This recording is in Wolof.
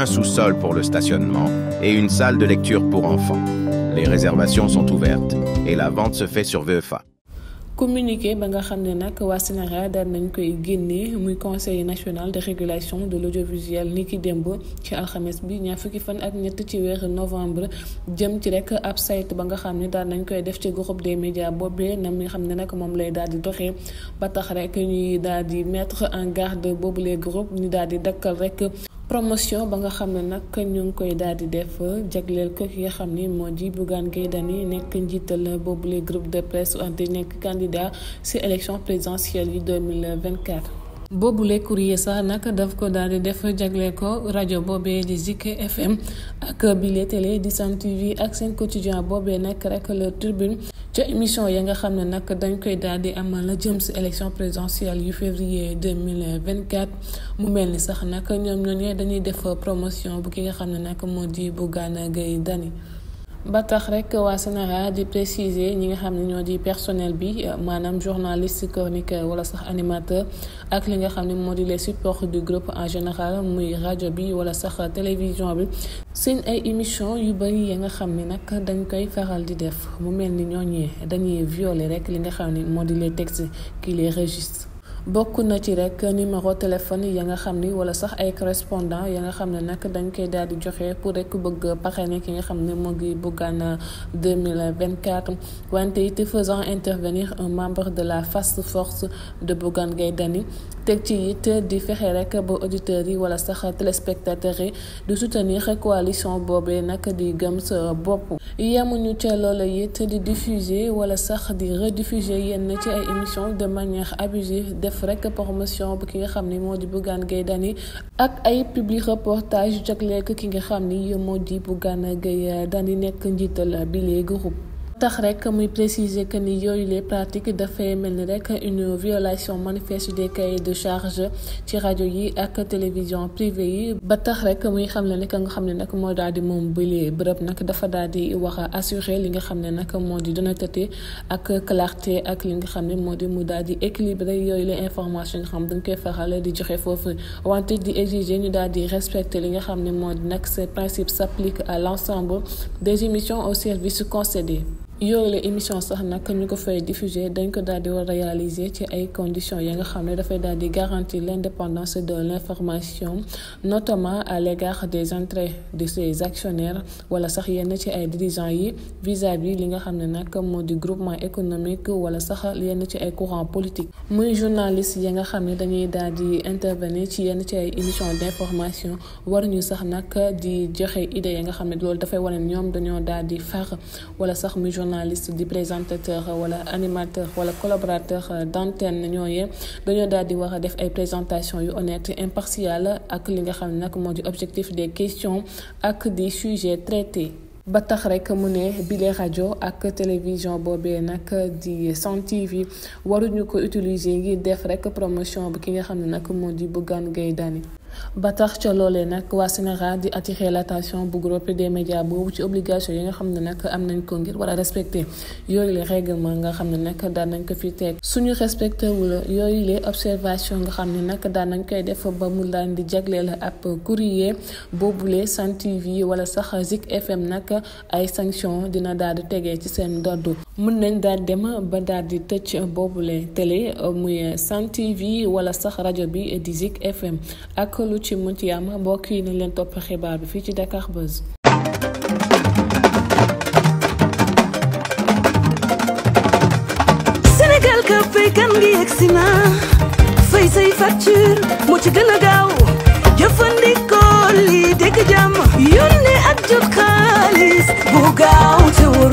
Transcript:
un sous-sol pour le stationnement et une salle de lecture pour enfants. Les réservations sont ouvertes et la vente se fait sur VEFA. communiqué ba nga xam ne nag waa Sénégal daal nañ koy génnee muy conseil national de régulation de l'audiovisuel ni ki démb ci alxames bi ñaar fukki fan ak ñett ci weeru novembre jëm ci rek ab site ba nga xam ne daal nañ koy def ci groupe des médias boobee nam xam ne nag moom lay daal di doxee ba tax rek ñuy daal di mettre promotion ba nga xam ne nag ñu ngi koy daal di def jagleel ko ki nga xam ni moo di Bougane Gueye Dany nekk njiital boobule groupe de presse di nekk candidat ci élection présidentielle yi 2024 boobule courrier sax nag daf ko daal di def jagle ko rajo boobee di Zik FM ak bile télé di Sen TV ak seen quotidien boobee nekk rek le tribune ca émission ya nga xam ne nag dañ koy daal di amal la jëm si élection présidentielle yu février deux mille vingt quatre mu mel ni sax nag ñoom ñoo dañuy def promotion bu ki nga xam ne nag moo bu Bougane Gueye dani ba tax rek waa CNRA di préciser ñi nga xam ne ñoo di personnel bi euh, maanaam journaliste chroniqueur wala sax animateur ak li nga xam ne moo di les supports du groupe en général muy rajo bi wala sax télévision bi seen ay émission yu bari ya nga xam ni nag dañ koy faral di def mu mel ni ñooñee dañuy violer rek li nga xam ne moo di les textes qui les registre bokk na ci rek numéro téléphone ya nga xam ni wala sax ay correspondant ya nga xam ne nag dañ koy daal di joxe pour rek bëgg parrainer ki nga xam ne moo ngi Bougane 2024 wante it faisant intervenir un membre de la Fast Force de Bougane Gueye Dany teg ci it di fexe rek ba auditeurs yi wala sax téléspectateurs yi di soutenir coalition boobee nag di gëm sa bopp yemuñu ca loola it di diffuser wala sax di rediffuser yenn ci ay émissions de manière def rek promotion bu ki nga xam ni moo di gaan Gueye Dany ak ay public reportage jagleek ki nga xam ni moo di Bougane Gueye Dany nekk njiital bi léegi groupe tax rek muy préciser que ni yooyu les pratiques dafay mel ni rek une violation manifeste des cahiers de charge ci rajo yi ak télévision privée yi ba tax rek muy xam ne nag nga xam ne nag moo daal di moom bële bërëb nag dafa daal di wax a li nga xam ne nag moo di honnêteté ak clarté ak li nga xam ne moo di mu daal di équilibré yooyu les information nga xam dañ koy faral di joxe foofu wante di exiger ñu daal di respecter li nga xam ne moo nag ces principes s'appliquent à l'ensemble des émissions au service concédé yooyu émission sax nag ñu ko fay diffuser dañ ko daal di war réaliser ci ay conditions ya nga xam ne dafay daal di garantir l'indépendance de l'information notamment à l'égard des intérêts de ses actionnaires wala sax yenn ci ay dirigeants yi vis-à-vis li nga xam ne nag moo di groupement économique wala sax yenn ci ay courant politique muy journaliste ya nga xam ne dañuy daal di intervenir ci yenn ci ay émissions d'information war ñu sax nag di joxe idées ya nga xam ne loolu dafay wane ñoom dañoo daal di far wala journaliste di présentateur wala animateur wala collaborateur d'antenne ñooñu dañoo daal di war a def ay présentation yu honnête impartiale ak li nga xam ne nag moo di objectif des questions ak di sujets traité ba tax rek mu ne bile rajo ak télévision boobee nag di Sen TV waruñu ko utiliser ngir def rek promotion bi ki nga xam ne nag moo di Bougane Gueye Dany ba tax ca loolee nag waa sénéral di attirer latation bu groupe des médias boobu ci obligation yi nga xam ne nag am nañ ko ngir war a respecter yooyu les règlement nga xam ne nag daan nañ ko fi teg suñu respecté wul yooyu les observation nga xam ne nag daan nañ koy def ba mu daan di jagleel ab courrier boobulee Sen TV wala sax Zik FM nag ay sanction dina daal di tegee ci seen ndodd mën nañ daal dem ba daal di tëj boobule télé muy Sen TV wala sax rajo bi di Zik FM ak lu ci mënti am mbokk yi nañ leen topp xibaar bi fii ci Dakar Buzz. Sénégal say facture mu ci gën gaaw jëfandikoo lii dégg jàmm yónnee ak jot xaalis bu gaaw te wóor